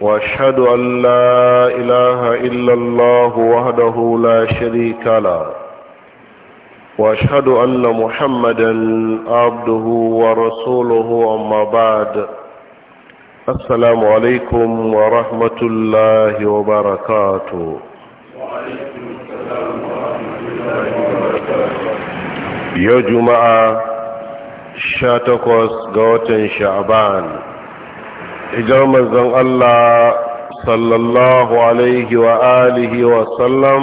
واشهد ان لا اله الا الله وحده لا شريك له واشهد ان محمدا عبده ورسوله اما بعد السلام عليكم ورحمه الله وبركاته وعليكم السلام ورحمه الله وبركاته يا جماعه شاتكوس غوتن شعبان hijar manzon Allah sallallahu alaihi wa alihi wa sallam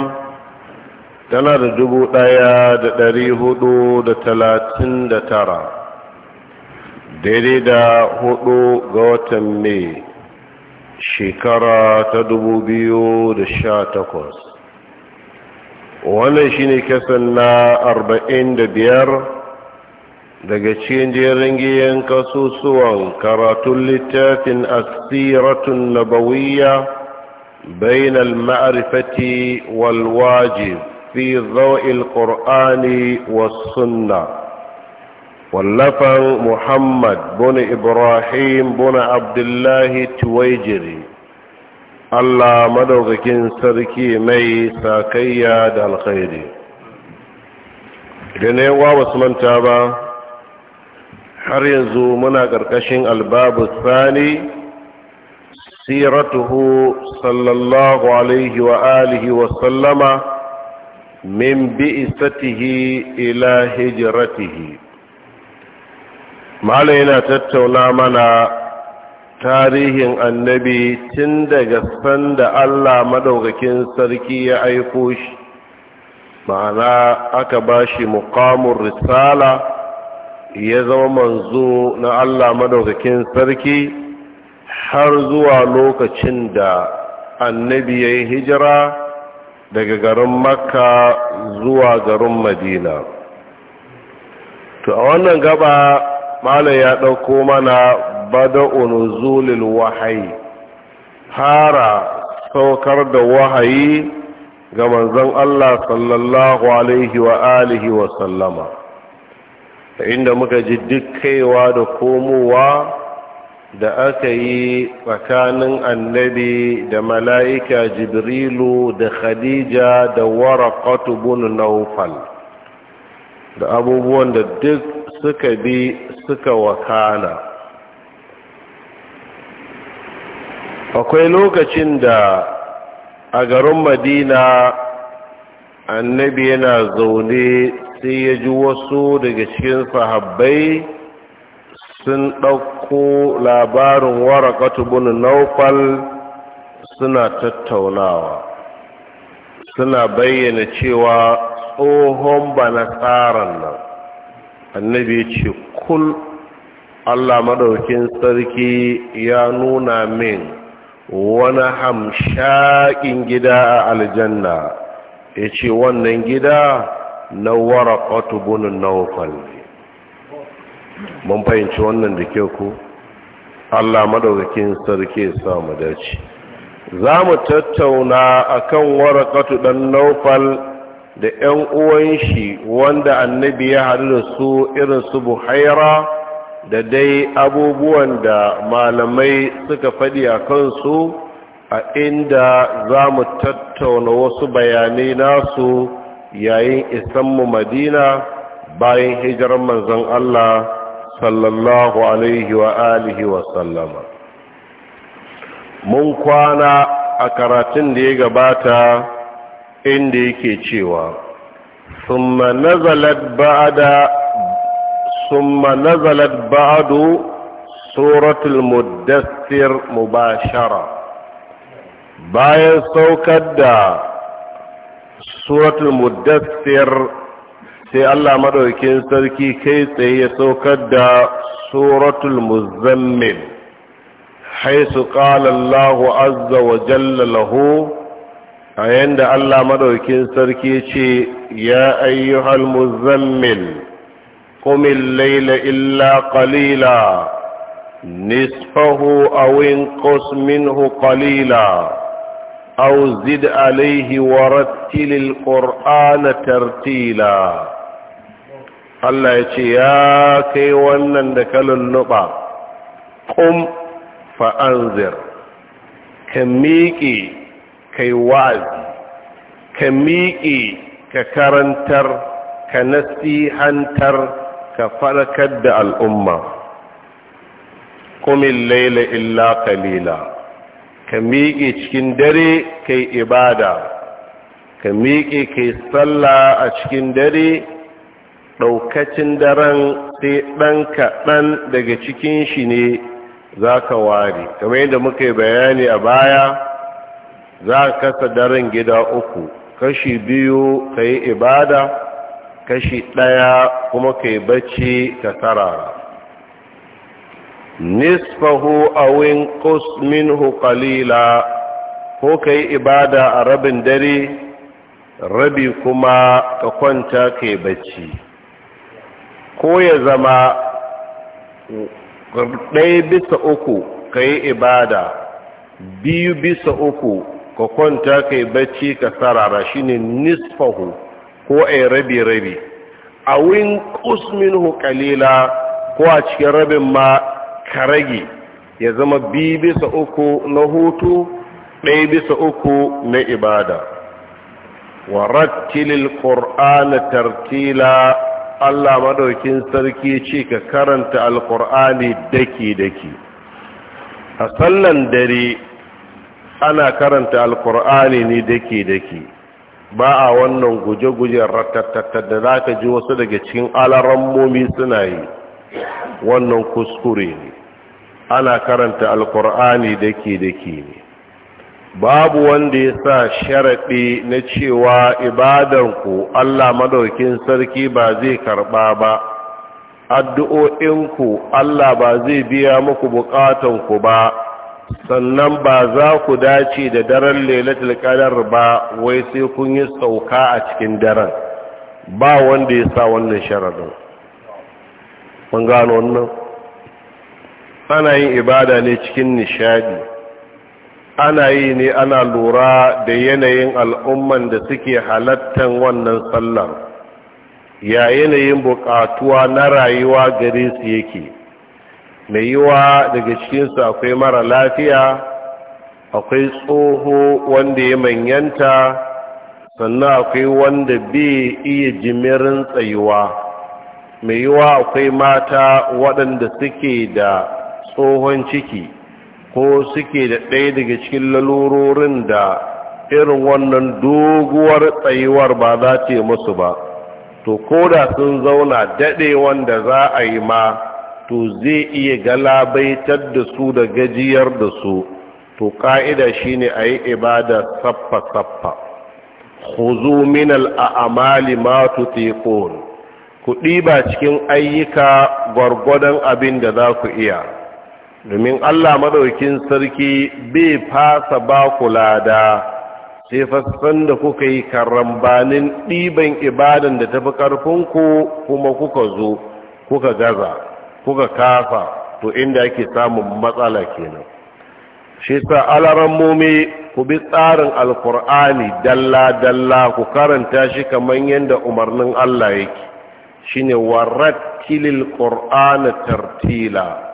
tana da dubu ɗaya da ɗari hudu da talatin da tara daidai da hudu ga watan mai shekara ta dubu biyu da sha takwas wannan shine kasan na arba'in da biyar daga cikin jerin giyan kasusuwan karatun littafin asiratun nabawiyya bain ma'arifati wal wajib fi dhawil qur'ani was sunna. wallafan muhammad bin ibrahim bin abdullahi tuwaijiri allah madaukakin sarki mai sakayya da alkhairi idan yawa wasu manta ba har yanzu muna ƙarƙashin albabu sani siratuhu sallallahu alaihi wa alihi wa sallama min bi'isatihi ila hijratihi mala yana tattauna mana tarihin annabi tun daga sanda Allah madaukakin sarki ya aiko shi ma'ana aka bashi muqamul risala ya zama manzo na Allah madaukakin sarki har zuwa lokacin da annabi ya yi hijira daga garin makka zuwa garin madina to a wannan gaba malam ya ɗauko mana bada nuzulil wahayi fara saukar da wahayi ga manzon Allah sallallahu alaihi wa alihi wa sallama ta inda muka ji duk kaiwa da komowa da aka yi tsakanin annabi da mala'ika jibrilu da khadija da warakatu bin naufal da abubuwan da duk suka bi suka wakana akwai lokacin da a garin madina annabi yana zaune sai ya ji wasu daga cikin sahabbai sun ɗauko labarin waraƙatu bin naufal suna tattaunawa suna bayyana cewa tsohon bana tsarin nan annabi ce kul allah maɗaukin sarki ya nuna min wani hamshaƙin gida a aljanna ya ce wannan gida na waraƙatu bunin mun fahimci wannan da ke ko allah madaukakin sarki ya mu dace za mu tattauna akan waraƙatu ɗan naufal da 'yan uwan shi wanda annabi ya haɗu da su irin su buhaira da dai abubuwan da malamai suka faɗi a kansu a inda za mu tattauna wasu bayanai nasu yayin isanmu madina bayan hijiran manzon Allah sallallahu alaihi wa alihi wa sallama mun kwana a karatun da ya gabata inda yake cewa summa nazalat ba'da summa nazalat ba'du suratul muddathir mubashara bayan saukar da suratul muddassir sai Allah madaukin sarki kai tsaye ya saukar da suratul muzammil haisu qala Allahu azza wa jalla lahu a yanda Allah madaukin sarki ce ya ayyuhal muzammil قم الليل إلا قليلا نصفه أو انقص منه قليلا أو زد عليه ورتل القرآن ترتيلا الله يتي يا كي ونن دكال النبع قم فأنذر كميكي كي وعد كميكي ككرنتر كنسيحنتر كفلكد الأمة قم الليل إلا قليلا ka miƙe cikin dare kai ibada ka miƙe kai sallah a cikin dare ɗaukacin daren sai ɗan kaɗan daga cikin shi ne za ka ware kamar yadda muka yi bayani a baya za ka kasa daren gida uku kashi biyu ka yi ibada kashi ɗaya kuma ka yi bacci ka sarara nisfahu aw inqus minhu qalila ko kai ibada a rabin dare rabi kuma ka kwanta kai bacci ko ya zama ɗaya bisa uku ka yi ibada biyu bisa uku ka kwanta ka yi bacci ka sarara shine nisfahu ko a rabi-rabi a win kusmin hukalila ko a cikin rabin ma ka rage ya zama biyu bisa uku na hutu ɗaya bisa uku na ibada wa rattilil ƙor'ana tartila Allah madaukin sarki ce ka karanta alƙor'ani daki daki a sallan dare ana karanta alƙor'ani ne daki daki ba a wannan guje-guje ratattattar da za ka ji wasu daga cikin alarammomi suna yi wannan kuskure ne ana karanta alkur'ani dake dake ne babu wanda ya sa sharaɗi na cewa ibadanku Allah madaukin sarki ba zai karɓa ba addu'o'inku Allah ba zai biya muku buƙatanku ba sannan ba za ku dace da daren lailatul qadar ba wai sai kun yi sauka a cikin daren ba wanda ya sa wannan sharaɗin mun gano wannan ana yin ibada ne cikin nishadi ana yi ne ana lura da yanayin al'umman da suke halattan wannan sallar ya yanayin bukatuwa na rayuwa gare su yake mai yiwa daga cikinsu akwai mara lafiya akwai tsoho wanda ya manyanta sannan akwai wanda bai iya jimirin tsayuwa mai yiwa akwai mata waɗanda suke da tsohon ciki ko suke da ɗaya daga cikin lalurorin da irin wannan doguwar tsayuwar ba za ta musu ba to ko da sun zauna daɗe wanda za a yi ma to zai iya galabaitar da su da gajiyar da su to ƙa'ida shi ne a yi ibada saffa-saffa huzu min al'amali ma teku ku ɗiba cikin ayyuka gwargwadon abin da za ku iya domin Allah madaukin sarki bai fasa ba kula da sai fasan da kuka yi karambanin ɗiban ibadan da tafi ƙarfinku kuma kuka zo kuka gaza kuka kafa to inda ake samun matsala kenan shi sa alaran mome ku bi tsarin alkur'ani dalla-dalla ku karanta shi kamar yadda umarnin Allah yake shine kilil qur'ana tartila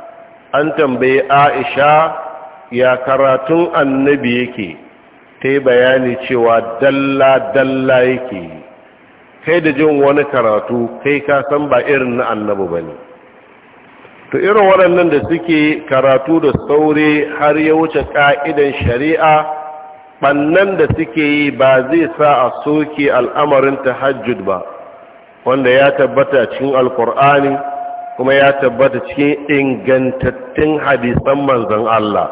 an tambayi aisha ya karatun annabi yake ta yi bayani cewa dalla-dalla yake kai da jin wani karatu kai ka san ba irin na annabi ba ne to irin waɗannan da suke karatu da saure har ya wuce ƙa'idan shari'a ɓannan da suke yi ba zai sa a soke al'amarin tahajjud ba wanda ya tabbata cikin alkur'ani kuma ya tabbata cikin ingantattun hadisan manzon Allah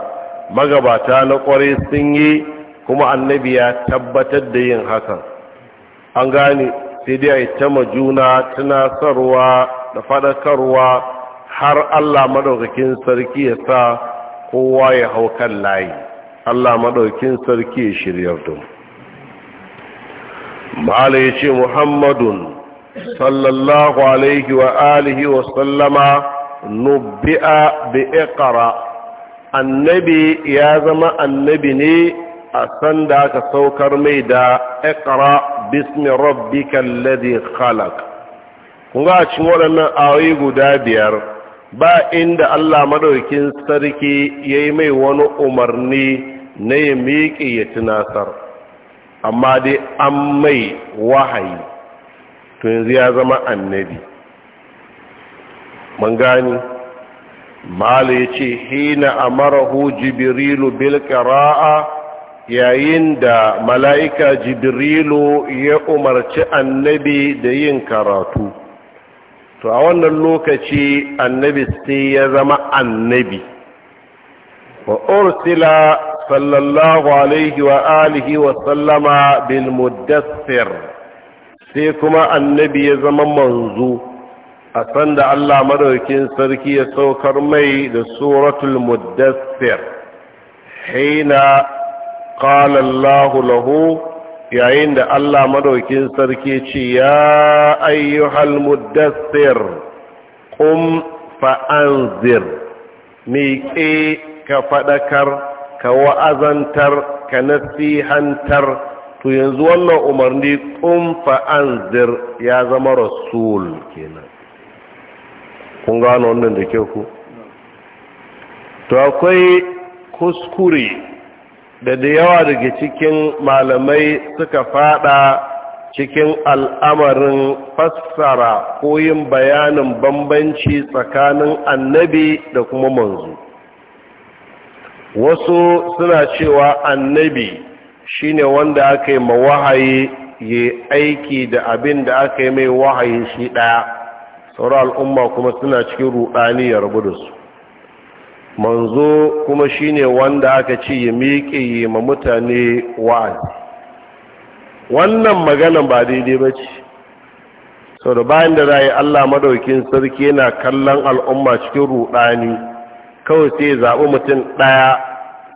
magabata na kwarai sun yi kuma annabi ya tabbatar da yin hakan an gane sai dai a yi ta majuna tunasarwa da faɗakarwa har Allah maɗaukakin sarki ya sa kowa ya hau kan layi Allah maɗaukakin sarki ya shiryar don. ma'ala ya ce muhammadun sallallahu alaihi wa alihi wa sallama nubbi'a bi iqra annabi ya zama annabi ne a san da aka saukar mai da iqra bismi rabbika alladhi khalaq kun ga cikin waɗannan ayoyi guda biyar ba inda Allah madaukin sarki yayi mai wani umarni na ya miƙe ya tunasar amma dai an mai wahayi to yanzu ya zama annabi mun gani malu ya ce hina amarahu jibrilu bil qira'a yayin da mala'ika jibrilu ya umarci annabi da yin karatu to a wannan lokaci annabi sai ya zama annabi wa ursila sallallahu alaihi wa alihi wa sallama bil muddassir sai kuma annabi ya zama manzo a sanda Allah madaukin sarki ya saukar mai da suratul muddassir haina qala Allahu lahu yayin da Allah madaukin sarki ce ya ayyuhal muddassir qum fa'anzir miƙe ka faɗakar ka wa'azantar ka nasihantar to yanzu wannan umarni kun zir ya zama rasul kenan kun gano wannan da ke ku to akwai kuskure da da yawa daga cikin malamai suka fada cikin al'amarin fassara ko yin bayanin bambanci tsakanin annabi da kuma manzu, wasu suna cewa annabi shine wanda aka yi ma wahayi ya aiki da abin da aka yi mai wahayi shi ɗaya sauran al'umma kuma suna cikin ruɗani ya rabu da su manzo kuma shine wanda aka ce ya miƙe ya ma mutane wa'azi wannan maganan ba daidai ba ce sau da bayan da za yi allah madaukin sarki yana kallon al'umma cikin ruɗani kawai sai zaɓi mutum ɗaya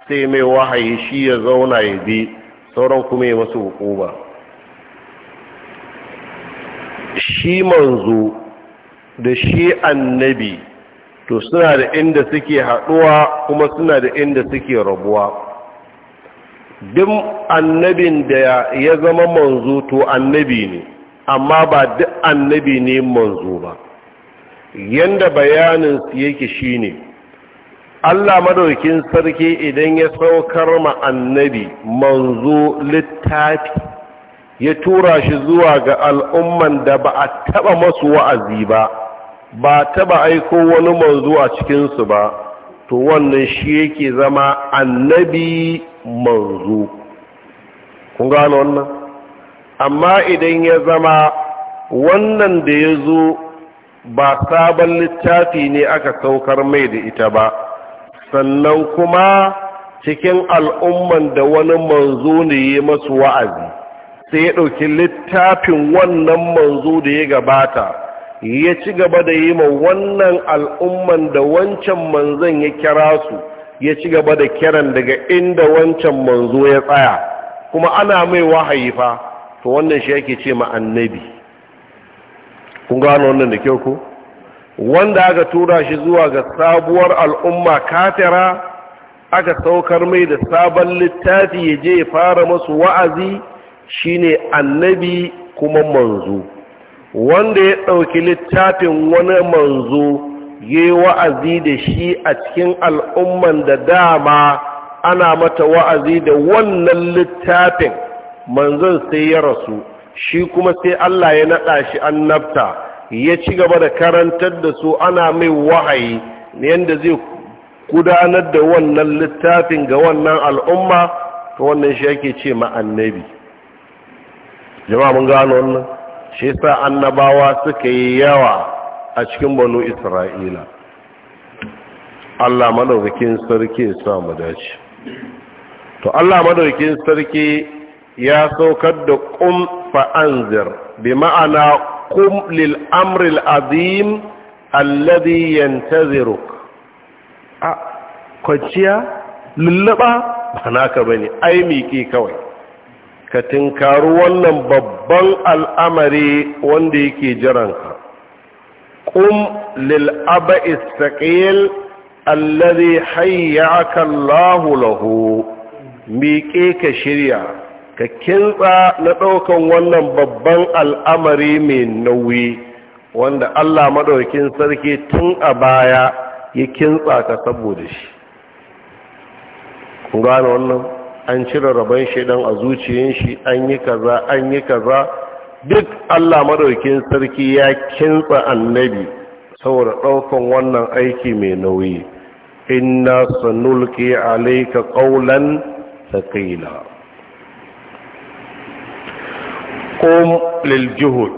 sai mai wahayi shi ya zauna ya bi sauran kuma ya masu hukuma shi manzo da shi annabi to suna da inda suke haɗuwa kuma suna da inda suke rabuwa duk annabin da ya zama manzo to annabi ne amma ba duk annabi ne manzo ba yanda bayaninsu yake shine Allah madaukin sarki idan ya saukar ma annabi manzo littafi ya tura shi zuwa ga al'umman da ba a taba masu wa'azi ba ba taba aiko wani manzo a cikinsu ba to wannan shi yake zama annabi manzo kun gano wannan amma idan ya zama wannan da ya zo ba sabon littafi ne aka saukar mai da ita ba sannan kuma cikin al'umman da wani manzo ne ya masu wa'azi sai ya ɗauki littafin wannan manzo da ya gabata ya ci gaba da yi ma wannan al'umman da wancan manzon ya kira su ya ci gaba da kiran daga inda wancan manzo ya tsaya kuma ana mai wahayi fa to wannan shi yake ce ma annabi kun gano wannan da kyau ko wanda aka tura shi zuwa ga sabuwar al'umma katira aka saukar mai da sabon littafi ya je fara masu wa'azi shine annabi kuma manzo wanda ya ɗauki littafin wani manzo ya yi wa'azi da shi a cikin al'umman da dama ana mata wa'azi da wannan littafin manzon sai ya rasu shi kuma sai Allah ya naɗa shi annabta ya ci gaba da karantar da su ana mai wahayi yadda zai gudanar da wannan littafin ga wannan al'umma ta wannan shi ake ce ma'annabi jama'a mun gano wannan shi sa annabawa suka yi yawa a cikin banu isra'ila allah madaukakin sarki ya mu dace to allah madaukakin sarki ya saukar da ƙum fa'anzir bi ma'ana qum lil amri azim alladhi yantaziruk a kwanciya lullaba ba naka bane ai miƙe kawai ka tinkaru wannan babban al'amari wanda yake jiranka qum lil aba'is taqil alladhi hayyaka Allahu lahu miƙe ka shirya ka kintsa na ɗaukan wannan babban al'amari mai nauyi wanda Allah maɗaukin sarki tun a baya ya kintsa ka saboda shi kun gane wannan an cire rabon shaidan a zuciyin shi an yi kaza an yi kaza duk Allah maɗaukin sarki ya kintsa annabi saboda ɗaukan wannan aiki mai nauyi inna sanulki alayka qawlan thaqila qum lil juhud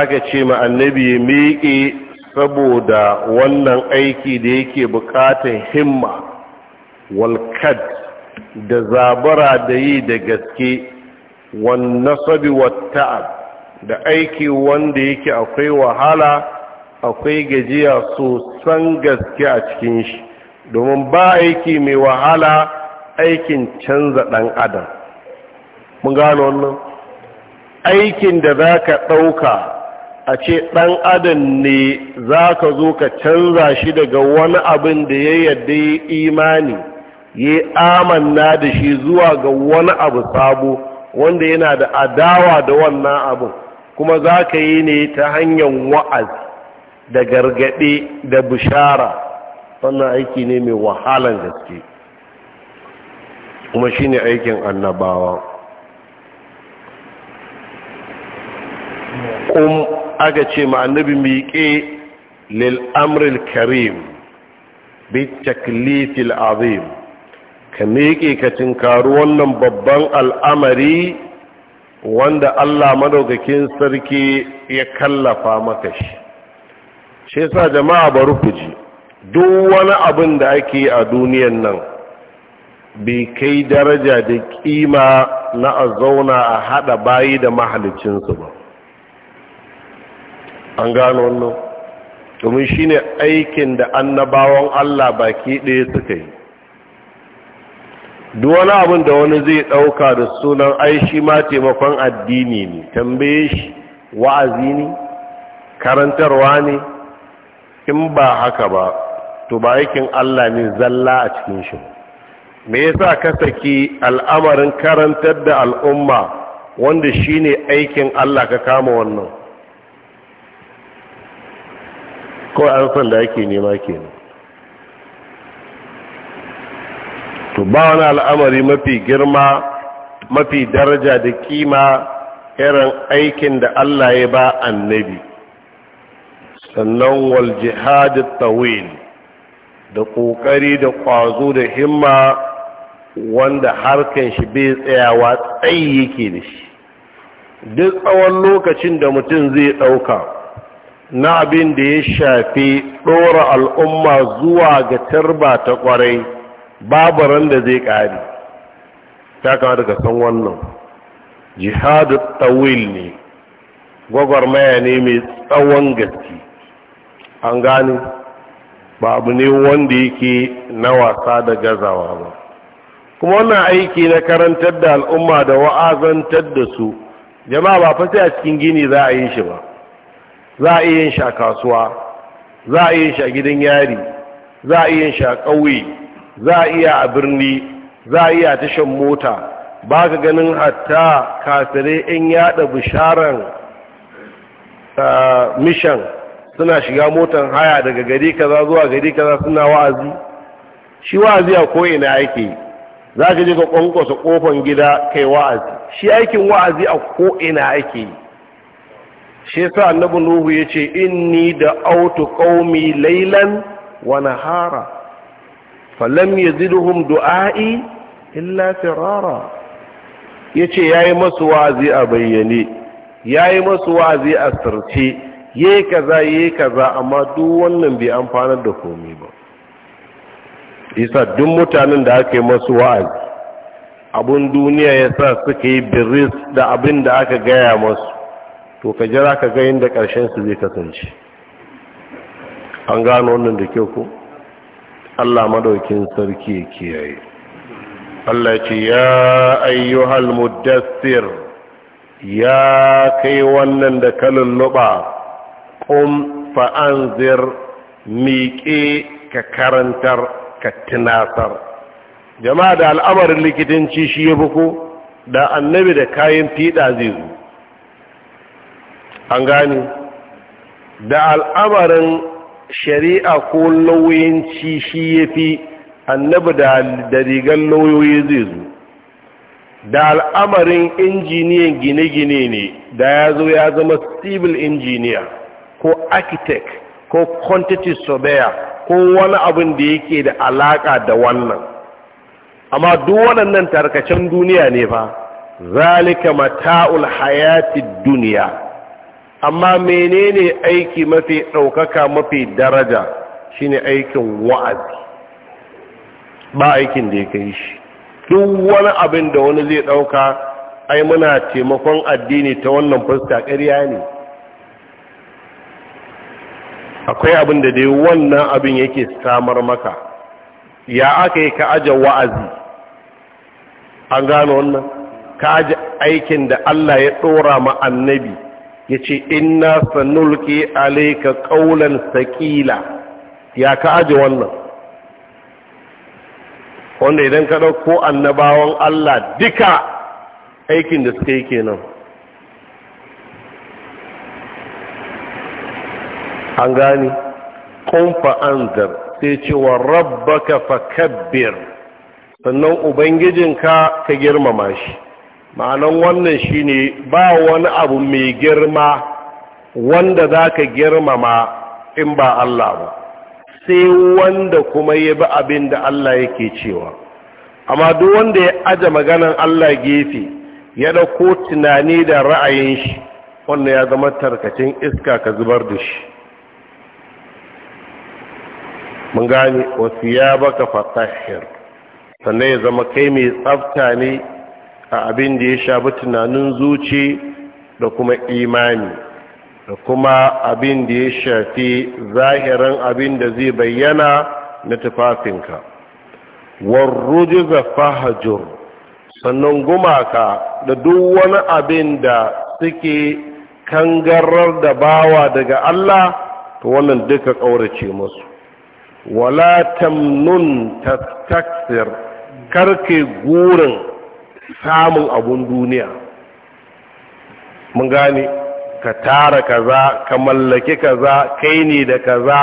aka ce ma annabi ya miƙe saboda wannan aiki da yake buƙatar himma walkad da zabara da yi da gaske wan nasabi ta'ab da aiki wanda yake akwai wahala akwai gajiya sosan gaske a cikin shi domin ba aiki mai wahala aikin canza ɗan adam mun gano wannan aikin da za ka ɗauka a ce ɗan adam ne za ka zo ka canza shi daga wani abin da ya yadda ya imani ya amanna da shi zuwa ga wani abu sabo wanda yana da adawa da wannan abin kuma za ka yi ne ta hanyar wa'az da gargaɗe da bishara wannan aiki ne mai wahalan gaske kuma shi ne aikin annabawa kum aga ce ma annabi miƙe lil amril karim bi taklifil azim ka miƙe ka tinkaru wannan babban al'amari wanda Allah madaukakin sarki ya kallafa maka shi shi yasa jama'a bari ku ji duk wani abin da ake a duniyan nan bai kai daraja da kima na a zauna a hada bayi da mahalicinsu ba an gano wannan domin shi ne aikin da annabawan Allah baki ɗaya suka yi duwana abin da wani zai ɗauka da sunan aishi ma taimakon addini ne tambaye shi wa'azi ne karantarwa ne in ba haka ba to ba aikin Allah ne zalla a cikin shi me yasa ka saki al'amarin karantar da al'umma wanda shine aikin Allah ka kama wannan kawai an san da ake nema kenan to ba wani al'amari mafi girma mafi daraja da kima irin aikin da Allah ya ba annabi sannan wal jihad tawil da kokari da kwazo da himma wanda harkan shi bai tsayawa tsayi yake da shi duk tsawon lokacin da mutum zai dauka na abin da ya shafi ɗora al'umma zuwa ga tarba ta ƙwarai babu ran da zai ƙari ta kama daga san wannan jihadu tawil ne gwagwarmaya ne mai tsawon gaske an gani ba abu ne wanda yake na wasa da gazawa ba kuma wannan aiki na karantar da al'umma da wa'azantar da su jama'a ba fa a cikin gini za a yi shi ba za a iya yin shi kasuwa za a iya yin shi gidan yari za a iya yin shi ƙauye za a iya a birni za a iya tashan mota ba ka ganin hatta kasire in yada bisharan mishan suna shiga motan haya daga gari kaza zuwa gari kaza suna wa'azi shi wa'azi a ko'ina yake za ka je ka kwankwasa kofan gida kai wa'azi shi aikin wa'azi a ko'ina yake yi shi yasa annabi nuhu yace inni da autu qaumi laylan wa nahara falam yaziduhum du'ai illa firara yace yayi masu wazi a bayyane yayi masu wazi a sirce yayi kaza yayi kaza amma duk wannan bai amfanar da komai ba isa duk mutanen da aka yi masu wazi, abun duniya yasa sa suka yi biris da abin da aka gaya masu to ka jira ka ga inda ƙarshen su zai kasance an gano wannan da kyau ko Allah madaukin sarki ya kiyaye Allah ce ya ayyuhal mudassir, ya kai wannan da kalin luba qum fa anzir miƙe ka karantar ka tunasar jama'a da al'amarin likitanci shi ya ko. da annabi da kayan fiɗa zai zo an gane da al'amarin shari'a ko lauyanci shi ya fi annabi da rigar lauyoyi zai zo da al'amarin injiniyan gine-gine ne da ya zo ya zama civil engineer ko architect ko quantity surveyor ko wani abin da yake da alaka da wannan amma duk waɗannan tarkacen duniya ne fa zalika mata'ul hayati duniya amma menene aiki mafi ɗaukaka mafi daraja shine aikin wa'azi ba aikin da ya kai shi duk wani abin da wani zai ɗauka ai muna taimakon addini ta wannan fuska ƙarya ne akwai abin da dai wannan abin yake samar maka ya aka yi ka aje wa'azi an gano wannan ka aje aikin da Allah ya ɗora ma annabi ya ce inna sanulki alaika ƙaunar saƙila ya ka aji wannan wanda idan ka ɗauko annabawan Allah duka aikin da suka yi kenan an gani ƙunfa an zar sai cewa fa kabbir sannan ubangijinka ka girmama shi ma'anan wannan shine ba wani abu mai girma wanda za ka girmama in ba Allah ba sai wanda kuma ya bi abin da Allah yake cewa amma duk wanda ya aje maganan Allah gefe ya ɗauko tunani da ra'ayin shi wannan ya zama tarkacin iska ka zubar da shi mun gane wasu ya baka fatahir sannan ya zama kai mai tsafta ne a abin da ya shafi tunanin zuci da kuma imani da kuma abin da ya shafi zahirin abin da zai bayyana na tufafinka ga fahajur sannan gumaka da duk wani abin da suke kangarar da bawa daga Allah to wannan duka ƙaurace musu wala tamnun tastaksir karke gurin samun abun duniya mun gane ka tara kaza ka mallake kaza kai ne da kaza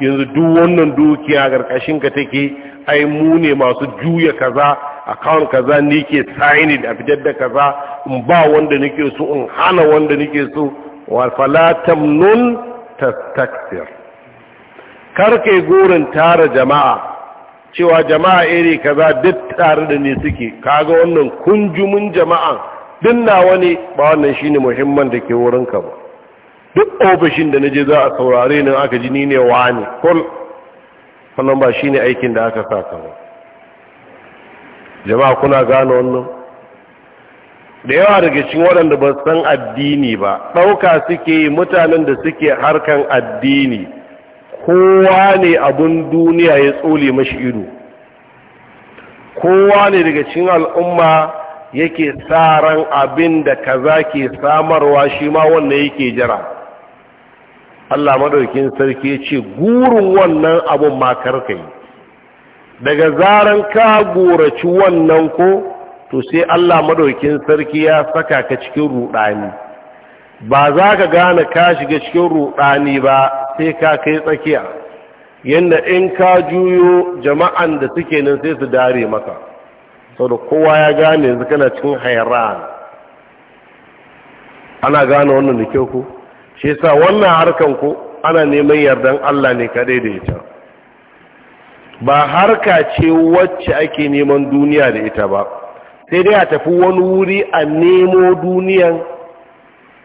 yanzu duk wannan dukiya karkashin ka take ai mu ne masu juya kaza account kaza ni ke sign da fitar da kaza in ba wanda nike so in hana wanda nike so wa fala tamnun tastakthir kar kai gurin tara jama'a cewa jama'a iri kaza duk tare da ne suke kaga wannan kunjumin jama'a dinna wani ba wannan shine muhimman da ke wurin ka ba duk ofishin da naje za a saurare nan aka ji ni ne wani kul wannan ba shine aikin da aka saka ba jama'a kuna gane wannan da yawa daga cikin waɗanda ba san addini ba ɗauka suke mutanen da suke harkan addini kowa ne abin duniya ya tsole mashi ido kowa ne daga cikin al'umma yake tsaran abin da kaza ke samarwa shi ma wannan yake jira Allah maɗaukin sarki ce gurin wannan abin yi. daga zaran ka goraci wannan ko to sai Allah maɗaukin sarki ya saka ka cikin ruɗani ba za ka gane ka shiga cikin ruɗani ba sai ka kai tsakiya yadda in ka juyo jama'an da suke nan sai su dare maka sau da kowa ya gane yanzu kana cikin hairan ana gane wannan da kyau ku shi sa wannan harkan ku ana neman yardan Allah ne kaɗai da ita ba harka ce wacce ake neman duniya da ita ba sai dai a tafi wani wuri a nemo duniyan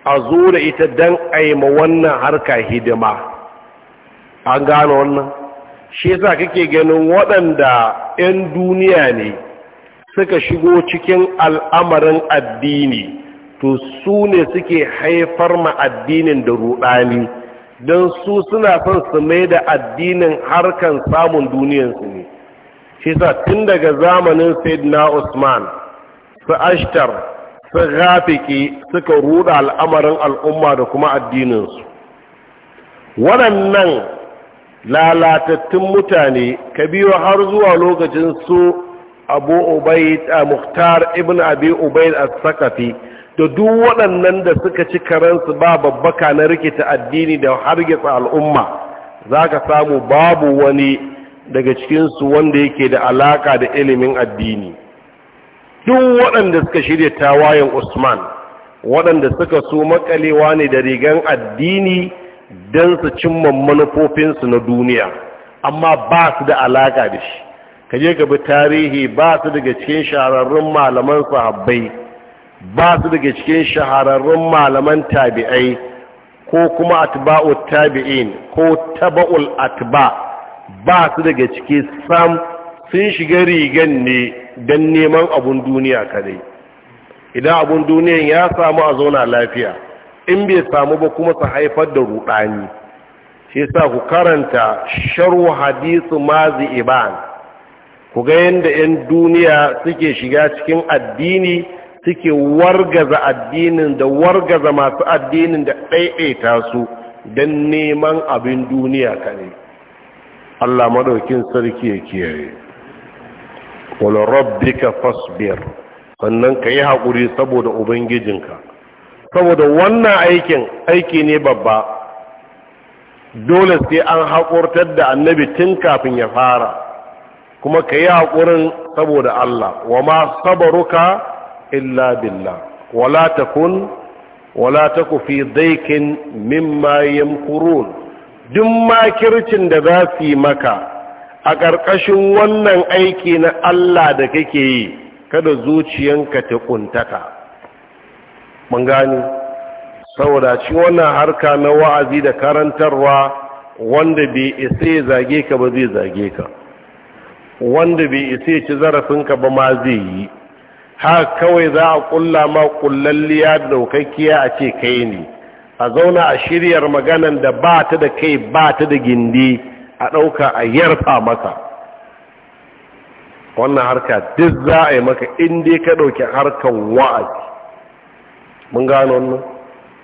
a zo da ita don aima wannan harka hidima an gano wannan shi yasa kake ganin waɗanda 'yan duniya ne suka shigo cikin al'amarin addini to su ne suke haifar ma addinin da ruɗani don su suna son su mai da addinin harkan samun duniyansu ne shi yasa tun daga zamanin na usman su ashtar su gafiki suka ruɗa al'amarin al'umma da kuma addininsu waɗannan lalatattun mutane ka biyo har zuwa lokacin su abu obai a muhtar ibn abi obai a sakafi da duk waɗannan da suka ci karansu ba babbaka na rikita addini da hargitsa al'umma za ka samu babu wani daga cikinsu wanda yake da alaka da ilimin addini duk waɗanda suka shirya tawayen usman waɗanda suka so makalewa ne da rigan addini don su cimma manufofinsu na duniya amma ba su da alaka da shi ka je gaba tarihi ba su daga cikin shahararrun malaman sahabbai ba su daga cikin shahararrun malaman tabi'ai ko kuma atba'u tabi'in ko taba'ul atba ba su daga cikin sam sun shiga rigan ne don neman abun duniya kadai idan abun duniyan ya samu a zauna lafiya in bai samu ba kuma su haifar da rudani shi yasa ku karanta sharu hadisu mazi iban ku ga yadda 'yan duniya suke shiga cikin addini suke wargaza addinin da wargaza masu addinin da ɗaiɗaita su don neman abin duniya kare Allah maɗaukin sarki ya kiyaye Wani rabbi ka fasbir sannan ka yi haƙuri saboda ubangijinka saboda wannan aikin aiki ne babba dole sai an haƙurtar da annabi tun kafin ya fara kuma ka yi haƙurin saboda Allah wa ma sabaruka illa billah wala takun wala taku fi daikin mimma yamkurun duk makircin da za su yi maka a ƙarƙashin wannan aiki na Allah da kake yi kada zuciyanka ta ƙuntaka. mun gane saboda shi wannan harka na wa'azi da karantarwa wanda bai isa ya zage ka ba zai zage ka wanda bai isa ya ci ka ba ma zai yi haka kawai za a kulla ma kullalliya da daukakkiya a ce kai ne a zauna a shiryar maganan da ba ta da kai ba ta da gindi a ɗauka a yarfa maka wannan harka duk za a yi maka inda ka ɗauki harkan wa'azi mun gano wannan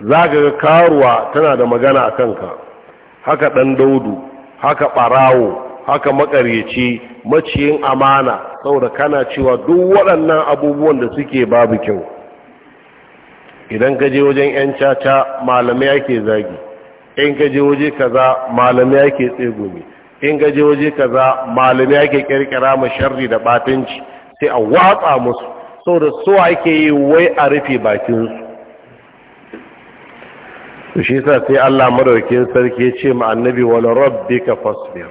za ka karuwa tana da magana a kanka haka ɗan daudu haka ɓarawo haka makaryaci maciyin amana saboda kana cewa duk waɗannan abubuwan da suke babu kyau idan ka je wajen 'yan caca malamai ake zagi in ka je waje kaza malamai ake tsegumi in ka je waje kaza malamai ake kirkira ma sharri da batanci sai a watsa musu saboda suwa ake yi wai a rufe bakinsu to shi sa sai Allah madaukakin sarki ya ce ma annabi rabbi ka fasbir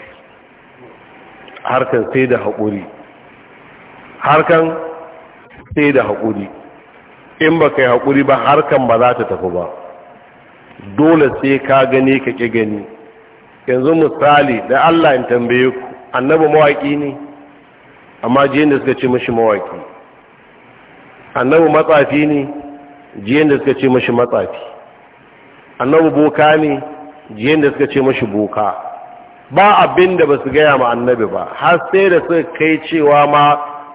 harkan sai da haƙuri harkan sai da haƙuri in ba ka yi haƙuri ba harkan ba za ta tafi ba dole sai ka gani ka ƙi gani yanzu misali da Allah in tambaye ku annabi mawaƙi ne amma jiyan da suka ce mashi mawaƙi annabi matsafi ne jiyan da suka ce mashi matsafi annabi boka ne jiyan da suka ce mashi boka ba abin da ba su gaya ma annabi ba har sai da suka kai cewa ma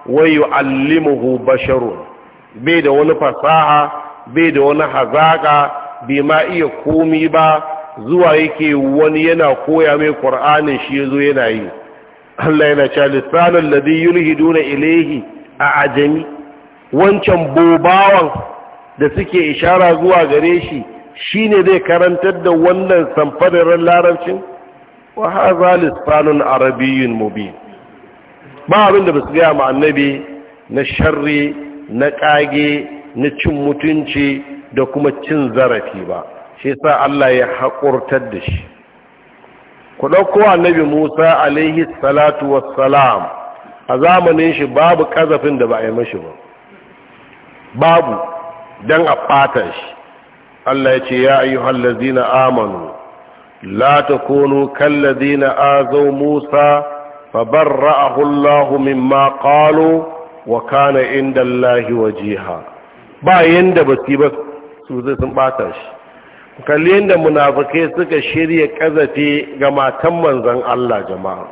wayo allimuhu basharun bai da wani fasaha bai da wani hazaka bai ma iya komi ba zuwa yake wani yana koya mai ƙur'anin shi yazo yana yi Allah yana cewa lisanul ladhi yulhiduna ilayhi a ajami wancan bobawan da suke ishara zuwa gare shi shi ne zai karantar da wannan samfadarin larabcin wa haza lisfanun arabiyyun mubin ba abinda ba su gaya ma annabi na sharri na kage na cin mutunci da kuma cin zarafi ba shi sa Allah ya haƙurtar da shi ku ɗauko annabi musa alaihi salatu wassalam a zamanin shi babu ƙazafin da ba a yi mashi ba babu don a ɓata shi Allah ya ce ya ayyuhal ladzina amanu la takunu kal ladzina azaw Musa fabarra'ahu min ma qalu wa kana inda Allah wajiha ba da ba su ba su zai sun ɓata shi kalli yanda munafikai suka shirya kazafe ga matan manzon Allah jama'a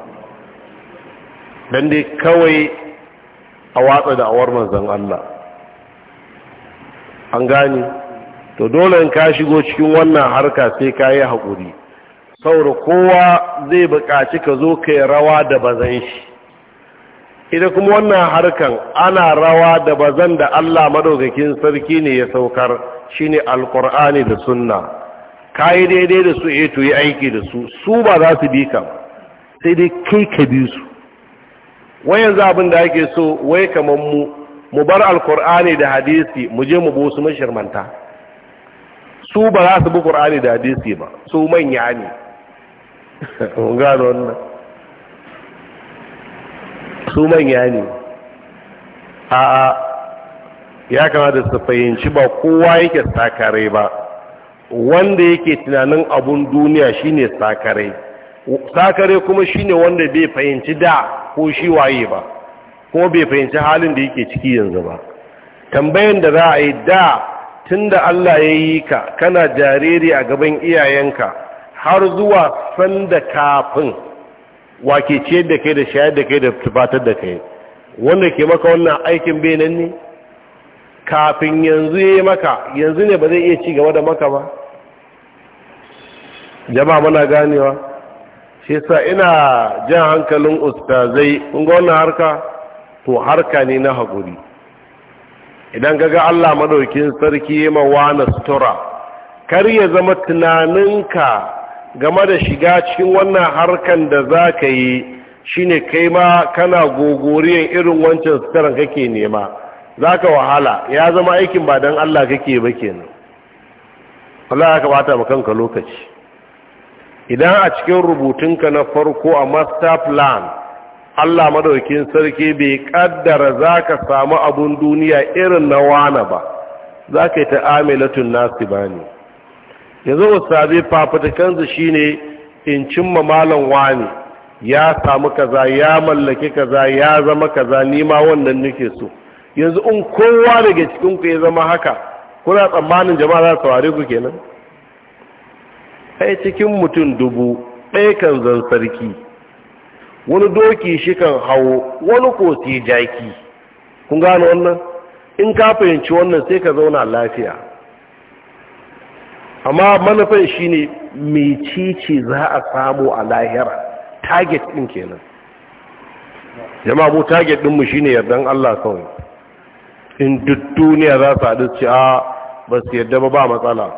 dan dai kawai a watsa da awar manzon Allah an gani to dole in ka shigo cikin wannan harka sai ka yi haƙuri saboda kowa zai buƙaci ka zo ka rawa da bazan shi ita kuma wannan harkan ana rawa da bazan da Allah madaukakin sarki ne ya saukar shine alkur'ani da sunna kai daidai da su eh to yi aiki da su su ba za su bi ka sai dai kai ka bi su wai yanzu abin da ake so wai kamar mu mu bar alkur'ani da hadisi mu je mu bo su mashirmanta su ba za su bi ƙur'ani da hadisi ba su manya ne mun gano wannan su manya ne a ya kamata su fahimci ba kowa yake sakare ba wanda yake tunanin abun duniya shine sakare sakare kuma shine wanda bai fahimci da ko shi waye ba ko bai fahimci halin da yake ciki yanzu ba tambayan da za a yi da tunda Allah ya yi ka kana jariri a gaban iyayenka har zuwa sanda kafin wake ce da kai da shayar da kai da tufatar da kai wanda ke maka wannan aikin benin ne kafin yanzu ya yi maka yanzu ne ba zai iya ci gaba da maka ba jama'a mana ganewa shi sa ina jan hankalin ustazai kun ga wannan harka to harka ne na haƙuri idan gaga Allah madaukin sarki ya mawana sutura kar ya zama tunaninka game da shiga cikin wannan harkan da za ka yi shine kai ma kana gogoriyan irin wancan sutaran kake nema za ka wahala ya zama aikin ba don Allah kake ba kenan Allah ya kamata ma kanka lokaci idan a cikin rubutunka na farko a master plan Allah madaukin sarki bai kaddara zaka samu abun duniya irin na wana ba zaka yi ta'amilatun nasi ne. yanzu wasabe fafatakansu shine in cimma malam wani ya samu kaza ya mallaki kaza ya zama kaza nima wannan nake so yanzu in kowa daga cikin ya zama haka kuna tsammanin jama'a za su ware ku kenan Ai cikin mutum dubu ɗaya kan zan sarki wani doki shi kan hawo wani ko jaki kun gano wannan in ka fahimci wannan sai ka zauna lafiya amma manufan shi ne mecece za a samu a lahira target ɗin kenan jama'a mu target ɗinmu shi ne yardan Allah kawai in duk duniya za su haɗu ci, a ah, ba su yarda ba ba matsala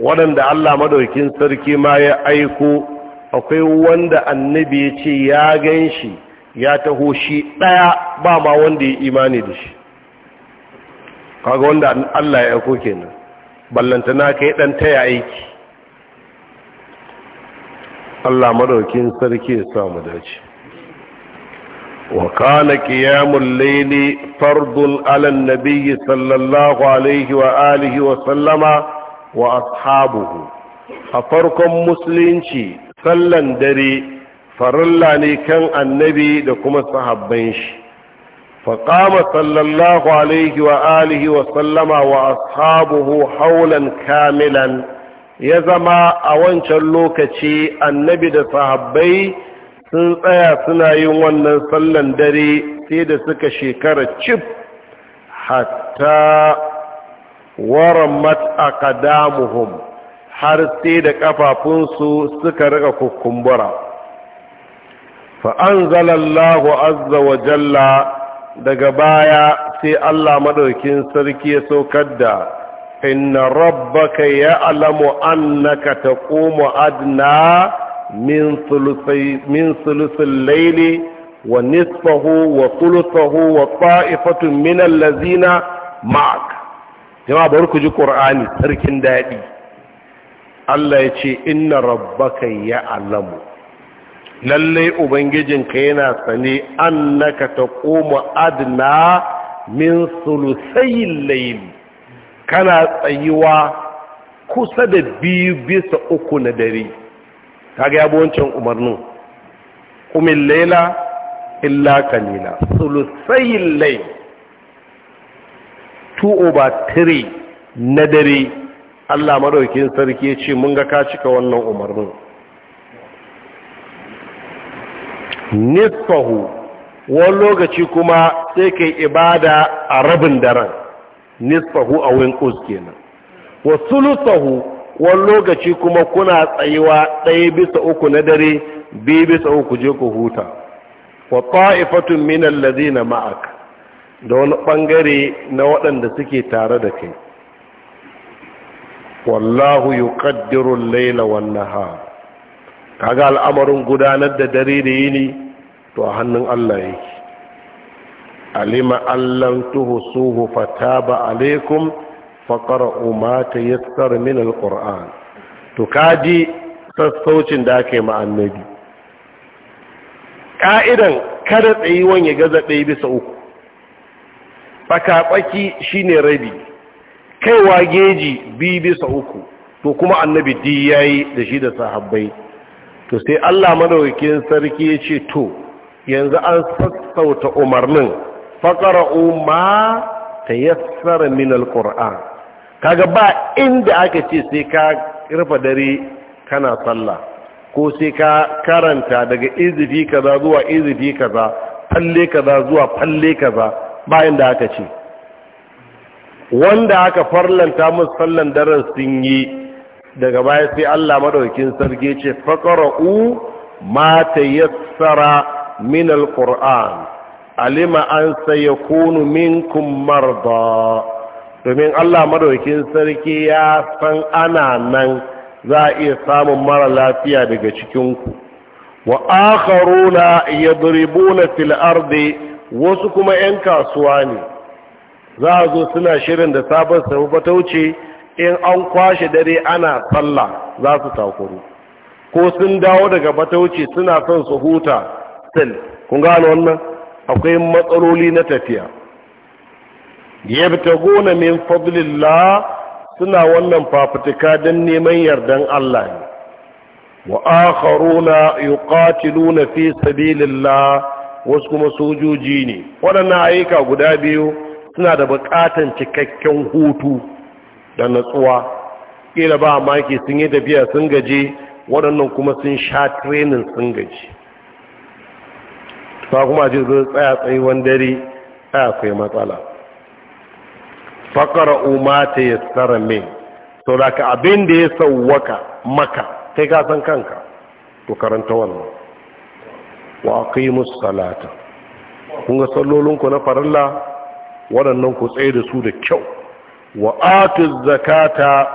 waɗanda Allah madaukin sarki ma ya aiko akwai wanda annabi ya ce ya gan shi ya taho shi ɗaya ba ma wanda ya imani da shi kaga wanda Allah ya aiko kenan na kai ta ya aiki Allah maɗaukin sarki ya samu dace wa kana qiyamul layli fardun ala an sallallahu alaihi wa alihi wa sallama wa ashabuhu a farkon musulunci sallan dare farilla ne kan annabi da kuma sahabban shi faƙama sallallahu alaihi wa alihi wa sallama wa ashabuhu haulan kamilan ya zama a wancan lokaci annabi da sahabbai sun tsaya suna yin wannan sallan dare sai da suka shekara cif hatta waramat aqdamuhum har sai da kafafunsu suka rika kukumbura fa anzalallahu azza wa jalla daga baya sai Allah madaukin sarki ya saukar da inna rabbaka ya'lamu annaka taqumu adna min thuluthi min thuluthil layli wa nisfahu wa thuluthahu wa ta'ifatun min allazina ma'ak jama'a barku ji qur'ani sarkin dadi Allah ya ce inna rabbaka ya alamu lalle ubangijinka yana sane annaka koma adna min sulusayil layl kana tsayuwa kusa da biyu bisa uku na dare kaga yabo wancan umarnin kumin laila illa kalila sulusayil layl 2 over 3 na dare Allah maɗaukin sarki ya ce mun ga ka cika wannan umarnin nisfahu wani lokaci kuma sai kai ibada a rabin daren nisfahu a winkus kenan Wasu lusahu, wani lokaci kuma kuna tsayuwa ɗaya bisa uku na dare biyu bisa uku je ku huta wa ta'ifatun minan ladina ma'ak da wani ɓangare na waɗanda suke tare da kai wallahu yuqaddiru al-layla wan kaga al'amarin gudanar da dare da yini to a hannun Allah yake alima allam tuhsuhu fataba alaikum faqra'u umata tayassara min al-qur'an to kaji sassaucin da ake ma annabi ka'idan kada tsayiwan ya gaza ɗaya bisa uku tsakaɓaki shine rabi kaiwa geji biyu bisa uku to kuma annabi di yayi da shi da sahabbai to sai Allah madaukakin sarki ya ce to yanzu an sassauta umarnin faqra'u ma tayassara min alquran kaga ba inda aka ce sai ka rufa dare kana sallah ko sai ka karanta daga izifi kaza zuwa izifi kaza falle kaza zuwa falle kaza bayan da aka ce wanda aka farlanta musu sallan daren yi daga baya sai Allah madaukakin sarki ce faqra'u ma tayassara min alquran alima an sayakunu minkum marda domin Allah madaukakin sarki ya san ana nan za a iya samun mara lafiya daga cikin ku wa akharuna yadribuna fil ardi wasu kuma 'yan kasuwa ne za a zo suna shirin da sabon sahu ta wuce in an kwashe dare ana tsalla za su takuru ko sun dawo daga wuce suna son su huta sil kun gano wannan akwai matsaloli na tafiya gona min fadlillah suna wannan fafutuka don neman yardan Allah ne wa akharuna yuqatiluna fi sabilillah wasu kuma sojoji ne waɗannan ayyuka guda biyu suna da bukatan cikakken hutu da natsuwa kila ba maki sun yi tafiya sun gaje waɗannan kuma sun sha training sun gaje ba kuma ce zai tsaya wani dare kai matsala fakara umata ya tsara min sau da ka abin da ya sauwaka maka kai ka san kanka to karanta wannan wa aqimus salata kun ga sallolinku na farilla waɗannan ku tsaye da su da kyau wa atu zakata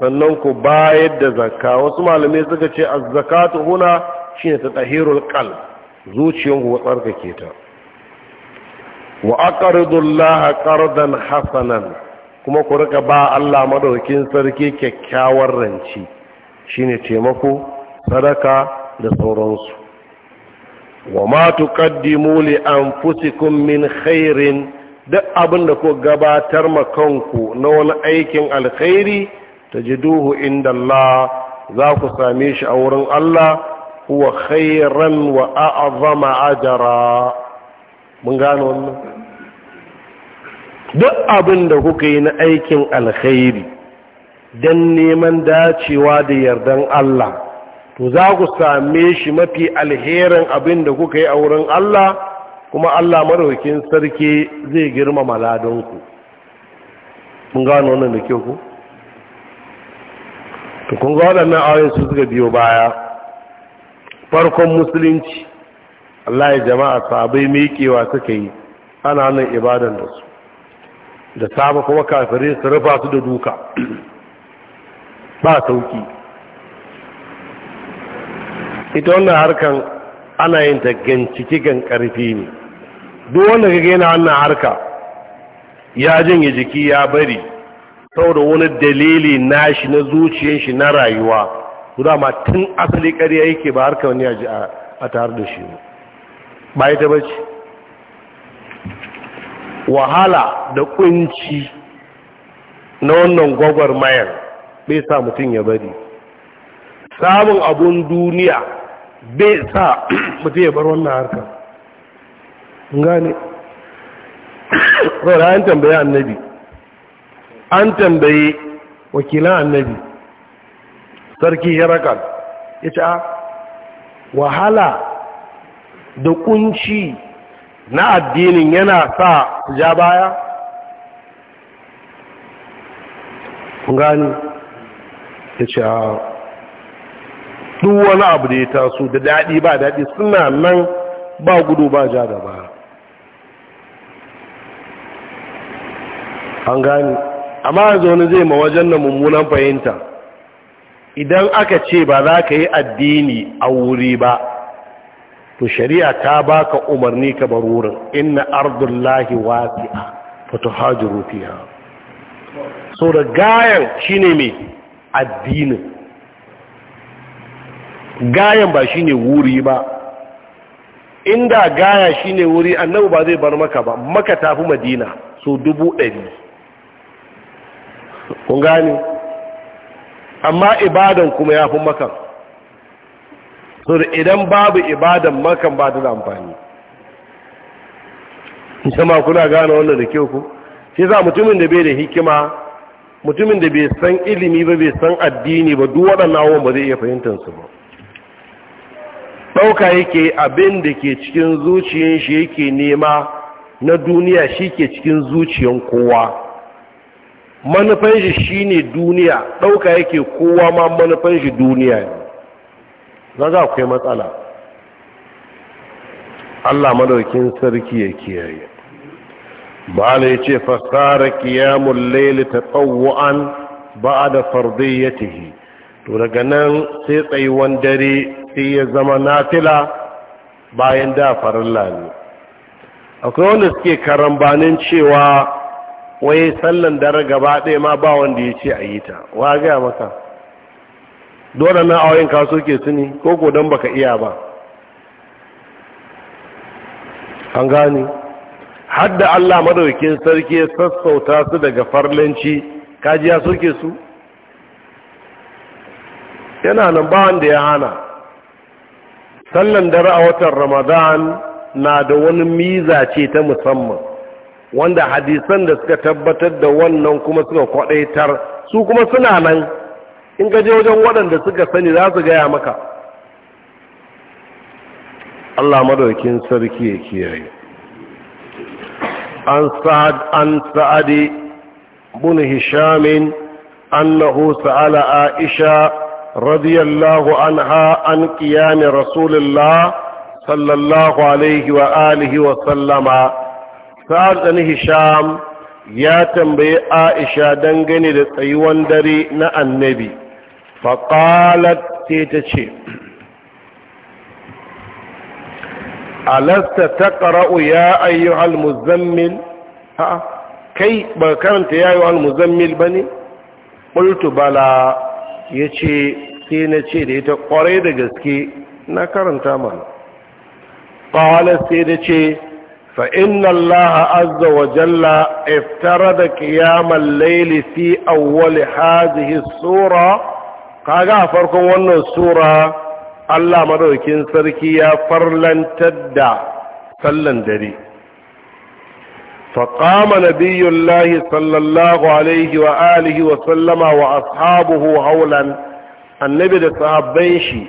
sannan ku bayar da zakka wasu malamai suka ce az-zakatu huna shine ta tahirul qalb zuciyar ku tsarkake ta wa aqridu qardan hasanan kuma ku rika ba Allah maɗaukin sarki kyakkyawar ranci shine taimako sadaka da sauransu wa ma tuqaddimu li anfusikum min khairin duk abin da ku gabatar kanku na wani aikin alkhairi ta ji duhu inda Allah za ku same shi a wurin Allah huwa khairan wa a'azama ajara mun gano wannan duk abin da kuka yi na aikin alkhairi don neman dacewa da yardan Allah to za ku same shi mafi alherin abin da kuka yi a wurin Allah kuma Allah maraukin sarki zai girmama ladanku mun gano wannan da ke ku to kun ga waɗannan ayoyin su suka biyo baya farkon musulunci Allah ya jama'a sabai mekewa suka yi ana nan ibadan da su da saba kuma kafirai su rufa su da duka ba sauki ita wannan harkan ana yin ta gancike gan ne duk wanda ka gaina wannan harka ya janye jiki ya bari saboda wani dalili na shi na zuciyar shi na rayuwa su dama tun asali ƙarya yake ba harka wani a tare da shi ba ita bace wahala da kunci na wannan gwagwarmayar bai sa mutum ya bari samun abun duniya bai sa mutum ya bar wannan harkar gane saboda an tambaye annabi an tambaye wakilan annabi sarki herakal ya a ah, wahala da kunci na addinin yana sa ja baya gani ya a ah, duk wani abu da ya taso da daɗi ba daɗi suna nan ba gudu ba ja da baya an gani amma yanzu wani zai ma wajen na mummunan fahimta idan aka ce ba za ka yi addini a wuri ba to shari'a ta ba ka umarni ka bar wurin inna ardullahi wasi'a rufi ha. so da gayan shine mai addinin gayan ba shine wuri ba inda gaya shine wuri annabu ba zai bar maka ba maka tafi madina so dubu ɗari kun gani amma ibadan kuma ya fi makan so da idan babu ibadan makan ba da amfani sama kuna gane wannan da kyau ku shi za mutumin da bai da hikima mutumin da bai san ilimi ba bai san addini ba duk waɗannan awon ba zai iya fahimtar su ba ɗauka yake abin da ke cikin zuciyar shi yake nema na duniya shi ke cikin zuciyar kowa manufan shi shine duniya ɗauka yake kowa ma manufan shi duniya ne na za akwai matsala Allah madaukin sarki ya kiyaye bala ya ce fasara kiyamun laili ta tsawon ba da farzai ya tafi, to daga nan sai tsayuwan dare sai ya zama natila bayan da farin ne akwai wanda suke karambanin cewa wai sallan dare gaba ɗaya ma ba wanda ya ce a yi ta wa gaya maka dole na awayin kaso ke su ne ko ko don baka iya ba an gani hadda Allah madaukin sarki ya sassauta su daga farlanci kaji ya soke su yana nan ba wanda ya hana sallan dare a watan ramadan na da wani miza ce ta musamman wanda hadisan da suka tabbatar da wannan kuma suka kwadaitar su kuma suna nan in gaje wajen waɗanda suka sani za su gaya maka Allah madaukin sarki ya kiyaye an sa'ad an sa'adi bin hisham annahu sa'ala aisha radiyallahu anha an qiyam rasulullah sallallahu alaihi wa alihi wa sallama sa'ad ni hisham ya tambayi aisha dangane da tsayuwan dare na annabi faƙalar te ta ce alasta ta ƙara'u ya al muzammil ha kai ba karanta ya yi al muzammil ba ne ƙultu bala ya ce sai na ce da ita ƙwarai da gaske na karanta mana ƙawalar sai da ce Fa الله عز وجل افترض قيام الليل في أول هذه السورة kaga a farkon wannan sura Allah madaukin sarki ya farlantar da sallan dare faqama nabiyullahi sallallahu alaihi wa alihi wa sallama wa ashabuhu hawlan annabi da sahabban shi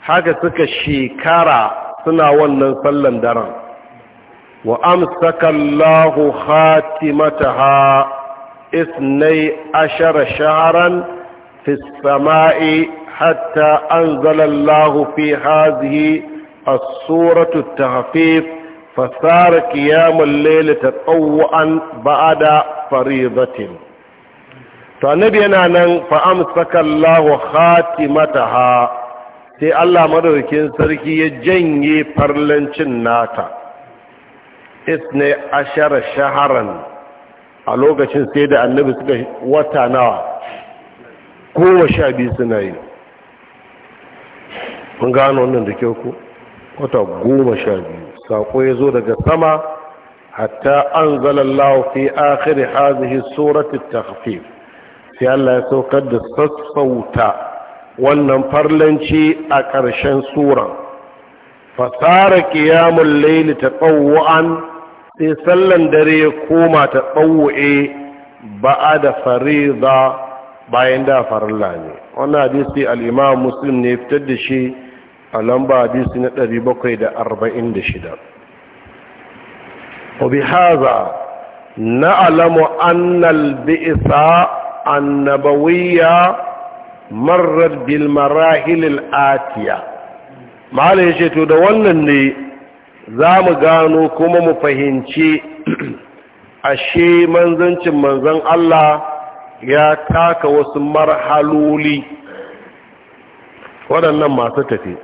haka suka shekara suna wannan sallan daren wa amsakallahu khatimataha isnai ashara shaharan fi samai hatta anzalallahu fi hazihi الصورة التخفيف فصار قيام الليل تطوعا بعد فريضة fa نانا فأمسك الله خاتمتها sai Allah madaukakin sarki ya janye farlancin nata isne ashara shaharan a lokacin sai da annabi suka wata nawa kowa sha biyu suna yi mun gano wannan da kyau ku wata goma sha biyu saƙo ya zo daga sama hatta an zalallahu fi akhiri hazihi surati takhfif sai Allah ya saukar da sassauta wannan farlanci a ƙarshen suran fasara ta layli tatawwan sai sallan dare ya koma ta ɓauwa ba'a a da fariza bayan da farilla ne wani hadisi al'imam muslim ne fitar da shi a lamba hadisi na 746 obi haza na alamu annal bi'isa annabawiya marar bilmarahilil atiya ma'ala ya ce to da wannan ne za mu gano kuma mu fahimci ashe manzancin manzan Allah ya taka wasu marhaloli waɗannan masu tafi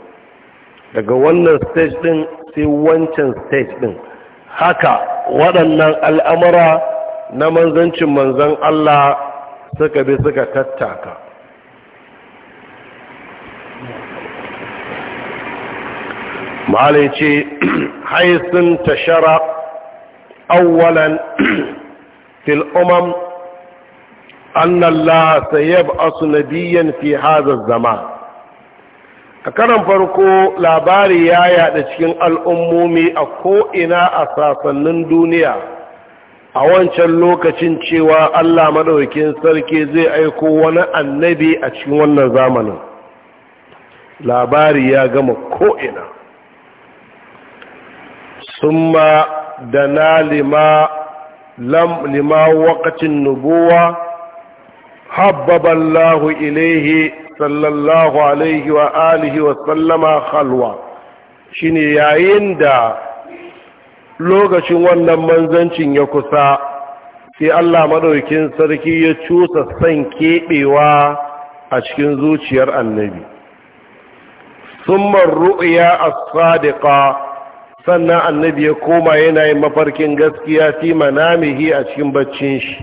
daga wannan stage ɗin sai wancan stage ɗin haka waɗannan al'amura na manzancin manzan Allah suka bi suka tattaka ma'ala ya ce haisun tashara awwalan fil umam annallah sayab asu nabiyan fi zama a karan farko labari ya yada cikin al'ummomi a ko'ina a sasannin duniya a wancan lokacin cewa Allah maɗaukin sarki zai aiko wani annabi a cikin wannan zamanin labari ya gama ko'ina summa da na lima lam lima wakacin nubuwa habbaballahu ilaihi sallallahu alaihi wa wa sallama halwa shine yayin da lokacin wannan manzancin ya kusa sai Allah maɗaukin sarki ya cusa san keɓewa a cikin zuciyar annabi summan ru'ya as-sadiqa sannan annabi ya koma yana mafarkin gaskiya fi manamihi a cikin baccin shi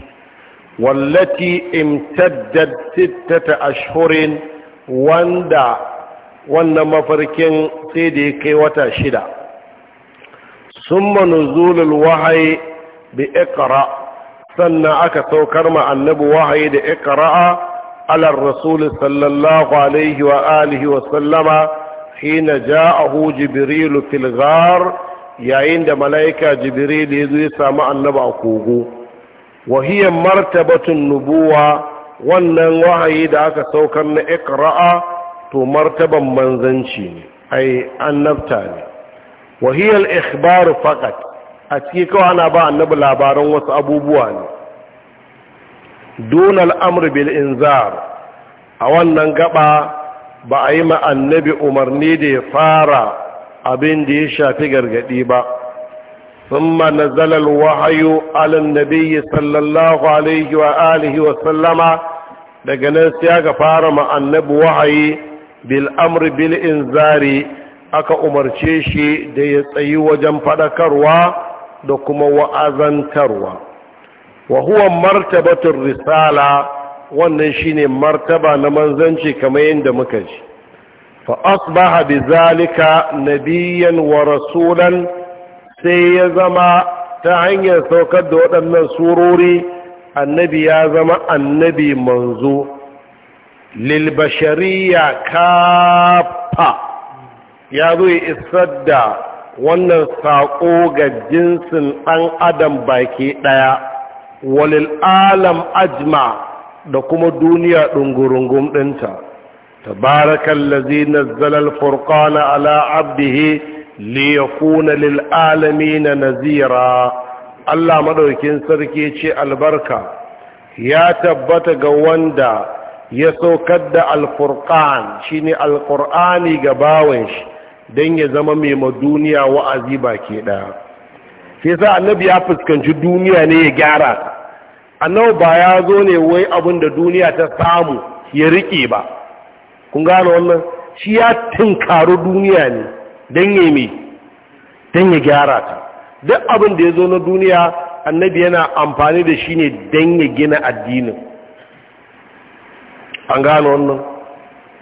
wallati imtaddat sittata ashhurin wanda wannan mafarkin sai da ya kai wata shida summa nuzulul wahayi bi iqra sannan aka saukar ma annabi wahayi da iqra ala rasul sallallahu alaihi wa alihi wa sallama hina ja'ahu jibrilu fil ghar yayin da malaika jibril ya zo ya samu annabi a kogo wa nubuwa wannan wahayi da aka saukar na ikra'a to martaban manzanci ne ai annabta ne Wahiyar hiya al a ciki kawai ana ba annabi labaran wasu abubuwa ne dun al amr bil inzar a wannan gaba ba a yi ma annabi umarni da ya fara abin da ya shafi gargadi ba sun ma na zalal wahayu alin sallallahu alaihi wa alihi wa sallama daga nan sai ga fara ma'annabi wahayi bil amri bil inzari aka umarce shi da ya tsayi wajen fadakarwa da kuma wa'azantarwa wa huwa martabatul risala wannan shine martaba na manzanci kamar yadda muka ji fa asbaha bizalika nabiyyan wa rasulan sai ya zama ta hanyar saukar da waɗannan surori annabi ya zama annabi manzo lil bashariya kafa ya zo ya isar da wannan saƙo ga jinsin ɗan adam baki ɗaya walil alam ajma da kuma duniya ɗungurungun ɗinta tabarakan lazi na zalal furkana ala abdihi liyakuna lil'alami na nazira allah maɗaukin sarki ce albarka ya tabbata ga wanda ya saukar da alfurkan shi ne alkur'ani ga bawan shi don ya zama mai ma duniya wa'azi baki ɗaya sai sa annabi ya fuskanci duniya ne ya gyara ta annabi ba ya zo ne wai abin da duniya ta samu ya rike ba kun gano wannan shi ya tinkaru duniya ne don ya mai don ya gyara ta duk abin da ya zo na duniya annabi yana amfani da shi ne don ya gina addinin an gano wannan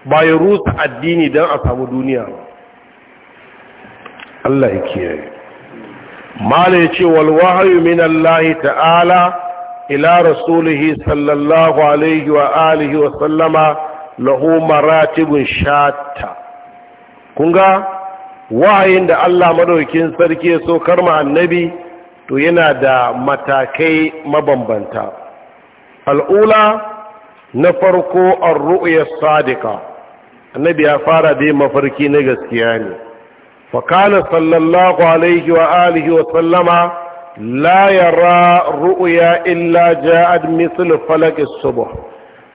ba ya rusa addini don a samu duniya Allah ya kiyaye mala ya ce walwahayu min Allah ta'ala ila rasulihi sallallahu alaihi wa alihi wa sallama lahu maratibun shatta kun ga wahayin da Allah madaukin sarki ya so karma annabi to yana da matakai mabambanta al'ula na farko a ruya sadika annabi ya fara da mafarki na gaskiya ne fa kana sallallahu alaihi wa alihi wa sallama la yara illa ja mithlu falaq as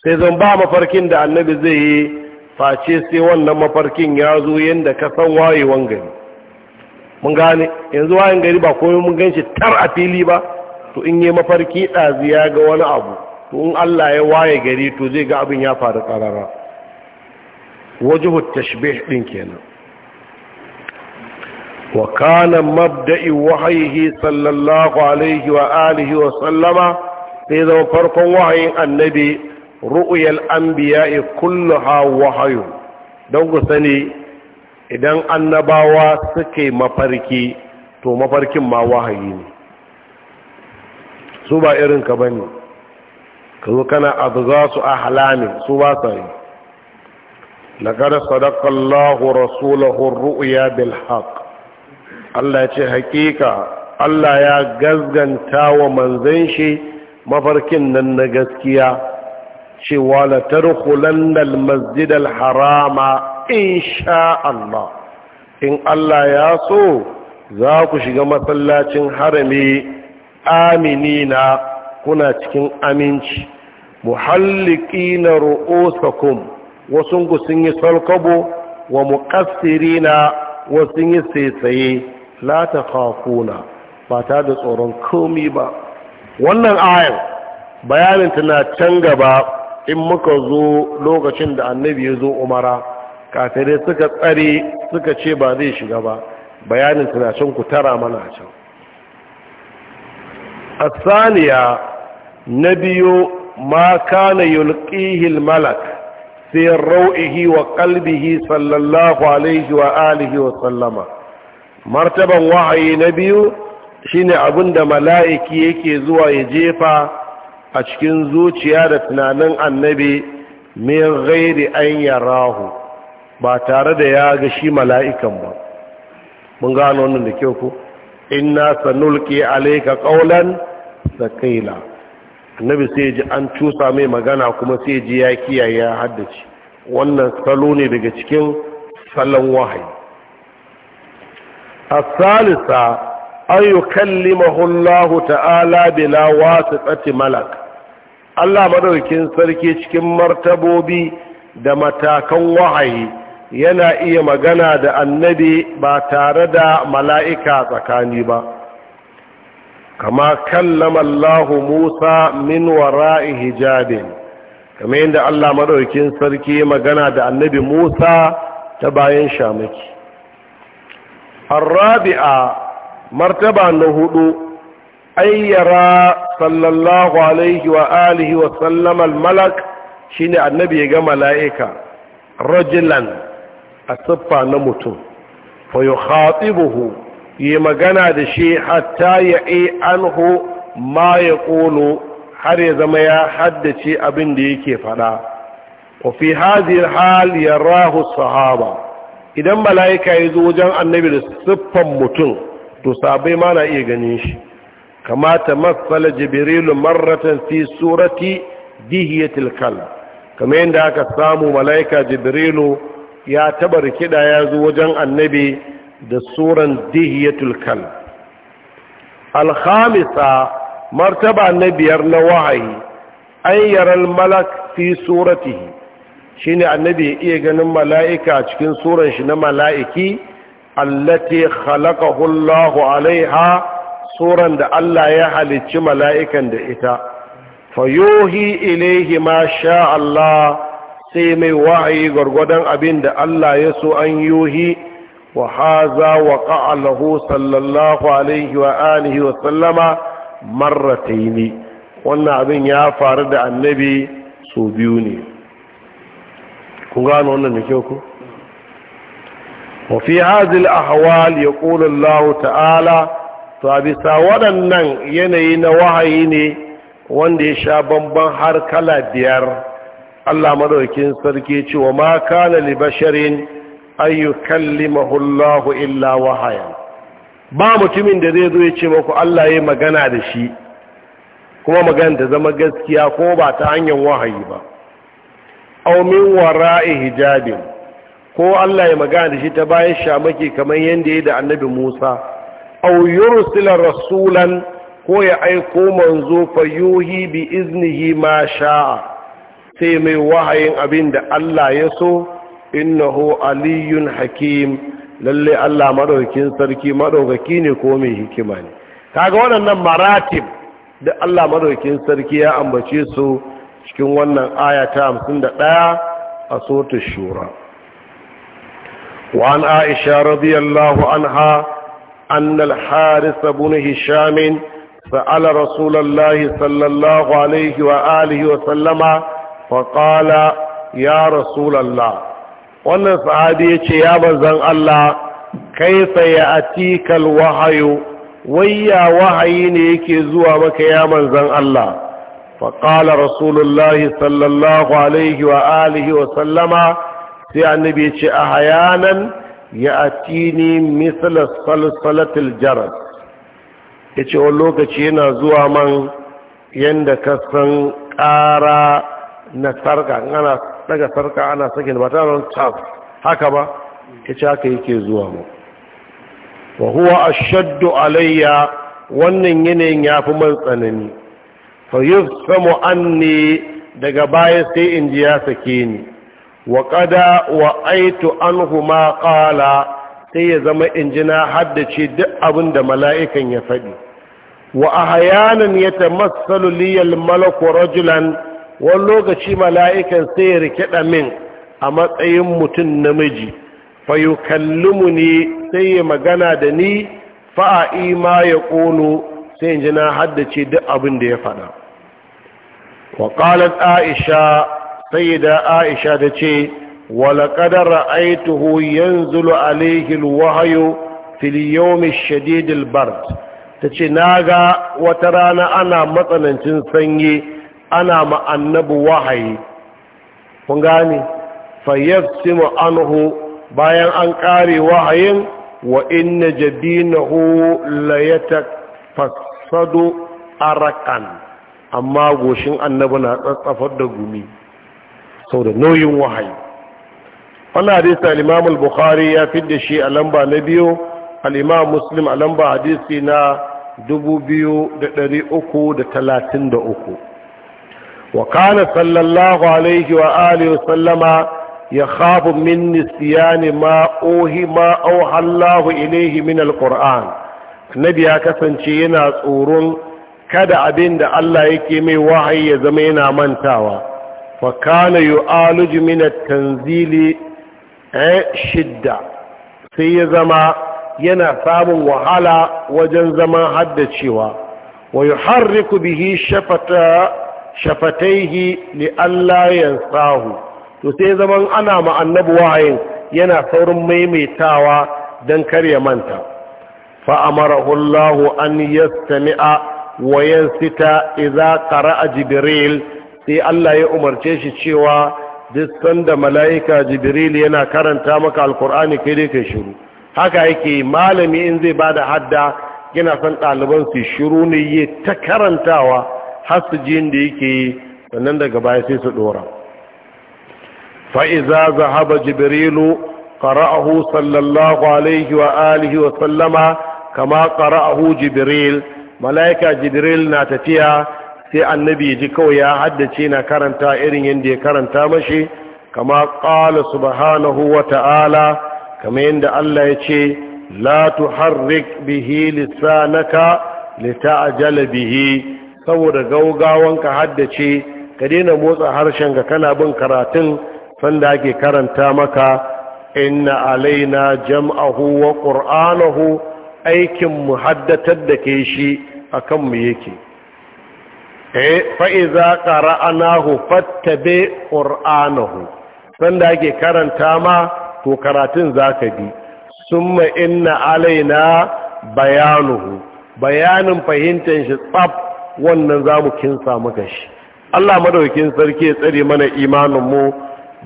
sai zan ba mafarkin da annabi zai yi face sai wannan mafarkin ya zo yanda ka san wayewan gari mun gane yanzu wayan gari ba komai mun ganshi tar a fili ba to in yi mafarki ɗazi ya ga wani abu to in Allah ya waye gari to zai ga abin ya faru karara wajhu tashbih din kenan وكان مبدأ وحيه صلى الله عليه وآله وسلم إذا فرق وحي النبي رؤيا الأنبياء كلها وحي دونك سني إذن النباوة سكي مفركي تو مفركي ما وحيين سوبا إرن كبني كذو كان أضغاس أحلامي سوبا سني لقد صدق الله رسوله الرؤيا بالحق Allah ya ce hakika Allah ya gazganta wa manzan shi mafarkin nan na gaskiya cewa la tarkhulanna al harama insha Allah in Allah ya so za ku shiga masallacin harami aminina kuna cikin aminci muhallikina ru'usakum wasun ku sun yi salkabo wa muqassirina wasun yi tsaitsaye la kafuna ba ta da tsoron komi ba wannan ayar bayanin tana can gaba in muka zo lokacin da annabi ya zo umara kafirai suka tsare suka ce ba zai shiga ba bayanin tana can ku tara mana a can na biyu ma kana Yulkihil malak sai rau'ihi wa kalbihi sallallahu alaihi wa alihi wa sallama martaban wa'ayi na biyu shine abin da mala'iki yake zuwa ya jefa a cikin zuciya da tunanin annabi min gairi an yarahu ba tare da ya ga shi mala'ikan ba mun gano wannan da kyau ku inna sanulki alayka qawlan thaqila annabi sai ji an cusa mai magana kuma sai ji ya kiyaye ya haddace wannan salo ne daga cikin salon wahayi الثالثة أن يكلمه ta'ala, تعالى بلا tsati malak. Allah maɗaukin sarki cikin martabobi da matakan wahayi yana iya magana da annabi ba tare da mala'ika tsakani ba kama kallama Allah Musa min wara'i hijabin kamar yadda Allah madaukin sarki magana da annabi Musa ta bayan shamaki الرابعة مرتبة نهدو أن يرى صلى الله عليه وآله وسلم الملك شين النبي يجا ملائكة رجلا أصفى نمت فيخاطبه يمغنى دشي حتى يأي عنه ما يقول har ya zama ya haddace abin da yake fada wa fi hadhihi al-hal yarahu sahaba idan mala'ika ya zo wajen annabi da siffan mutum to sabai ma na iya ganin shi kamata matsala jibrilu marratan fi surati dihiyatil kal kamar yadda aka samu mala'ika jibrilu ya taba rikida ya zo wajen annabi da suran dihiyatul kal alhamisa martaba na biyar na wahayi an yaral malak fi suratihi shine annabi ya iya ganin mala'ika a cikin suran shi na mala'iki allati khalaqahu alaiha suran da Allah ya halicci mala'ikan da ita fayohi ilaihi ma sha Allah sai mai wa'ayi gwargwadon abin da Allah ya so an yohi? wa haza wa ƙa'alahu sallallahu alaihi wa alihi wa sallama marrataini wannan abin ya faru da annabi su biyu ne kun gano wannan da kyau ku fi hadhihi al ahwal ya ƙulun ta'ala to a bisa waɗannan yanayi na wahayi ne wanda ya sha bamban har kala biyar allah madaukin sarki cewa ma kana li basharin ayyu kallimahu allahu illa wahaya ba mutumin da zai zo ya ce maku allah ya magana da shi kuma magana ta zama gaskiya ko ba ta hanyar wahayi ba aw min wara'i hijabin ko Allah ya magana da shi ta bayan shamaki kamar yadda ya da annabi Musa aw yursila rasulan ko ya aiko manzo fa yuhi bi iznihi ma sha'a sai mai wahayin abin da Allah ya so innahu aliyun hakim lalle Allah madaukakin sarki madaukaki ne ko mai hikima ne kaga waɗannan maratib da Allah madaukakin sarki ya ambace su cikin wannan aya ta hamsin da ɗaya a sotar shura wa aisha radiyallahu an ha an harisa buni hishamin sa'ala alaihi wa alihi wa sallama faƙala ya rasulallah wannan sa'adi ya ce ya banzan allah kai tsaye a tikal wahayo wayya wahayi ne yake zuwa maka ya manzan allah فقال رسول الله صلى a عليه وآله وسلم في النبي أحيانا يأتيني مثل صلصلة الجرس yace wani lokaci yana zuwa man yadda ka san ƙara na sarka ana ɗaga sarka ana sakin ba taron tas haka ba yace haka yake zuwa mu a shaddu ashaddu alayya wannan yanayin yafi man tsanani fa samu anni daga baya sai in ji ya sake ni wa qada wa aitu anhu ma qala sai ya zama in ji na haddace duk abin da mala'ikan ya faɗi wa ahyanan yatamassalu li al-malaku rajulan wani lokaci mala'ikan sai ya rikida min a matsayin mutum namiji fayu ne sai ya magana da ni fa'a ima ya ƙono sai in ji na haddace duk abin da ya faɗa ƙalar aisha sai da aisha ta ce ra'aitu ra'aituhu yanzu alaihil wahayo filiyomi shadidil bard ta ce na ga wata rana ana matsanancin sanyi ana ma'annabu wahayi kun gane fayyarsimu anhu bayan an ƙare wahayin wa inna hu la ya sado arakan amma goshin annabi na tsatsafar da gumi sau da nauyin wahayi wani hadisa al-imam al-bukhari ya da shi a lamba na biyu al-imam muslim a lamba hadisi na 2333 wa kana sallallahu alaihi wa alihi sallama ya khafu min nisiyani ma ohi ma ilaihi min al-qur'an nabi ya kasance yana tsoron kada abin da Allah yake mai wahayi ya zama yana mantawa fa kana yu'aluju min at-tanzili eh, shidda sai ya zama yana samun wahala wajen zaman haddacewa wa yuharriku bihi shafata shafataihi li Allah yansahu to sai zaman ana ma annabi wahayin yana saurin maimaitawa dan kar ya manta فأمره الله أن يستمع وينست إذا قرأ جبريل في الله يأمر تشي شوى دستن دا ملائكة جبريل ينا كرن تامك القرآن كده shiru. haka yake malami in zai bada hadda yana son ɗaliban su shiru ne ya ta karantawa har su inda yake yi sannan daga sai su ɗora fa'iza zahaba jibrilu قرأه صلى الله عليه وآله وسلم kama qara'ahu jibril malaika jibril na tafiya sai annabi ji kawai ya haddace na karanta irin yadda ya karanta mashi kama ƙala subhanahu wa ta'ala kama yadda Allah ya ce latu tuharrik bihi lisanaka lita'jala bihi saboda gaugawanka haddace ka daina motsa harshen ka kana bin karatun sanda ake karanta maka inna alaina jam'ahu wa qur'anahu aikin mu haddatar da ke shi a kanmu yake eh fa'iza ƙara'anahu fattabe ƙur'anahu sanda ake karanta ma to karatun za ka bi summa inna alaina bayanuhu bayanin fahimtar shi tsab wannan za mu kinsa muka shi Allah madaukin sarki ya tsare mana imaninmu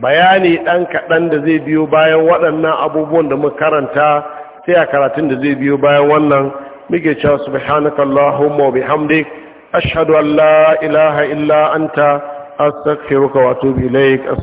bayani ɗan kaɗan da zai biyo bayan waɗannan abubuwan da mu karanta sai a karatun da zai biyo bayan wannan muke cewa subhanaka allahumma wa bihamdik ashhadu an la ilaha illa anta astaghfiruka wa atubu ilaik